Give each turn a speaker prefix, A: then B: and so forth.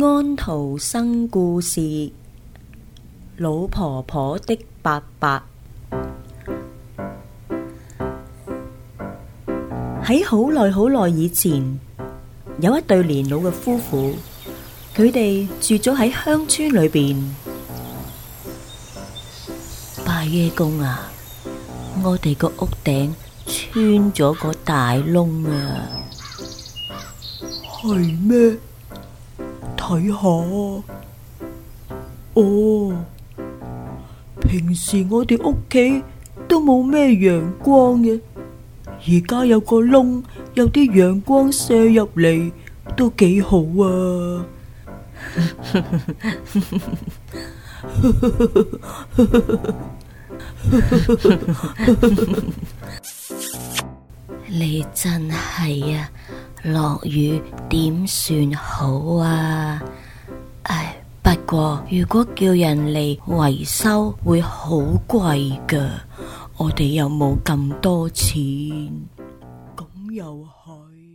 A: 安徒生故事《老婆婆的伯伯》。
B: 喺好耐好耐以前，有一對年老嘅夫婦，佢哋住咗喺鄉村裏邊。
C: 伯爺公啊，我哋個屋頂穿咗個大窿啊，
D: 係咩？睇下哦，平時我哋屋企都冇咩陽光嘅，而家有個窿，有啲陽光射入嚟，都幾好啊！
E: 你真係啊！落雨，點算好啊？唉，不過如果叫人嚟維修會好貴㗎，我哋又冇咁多錢。
D: 咁又係。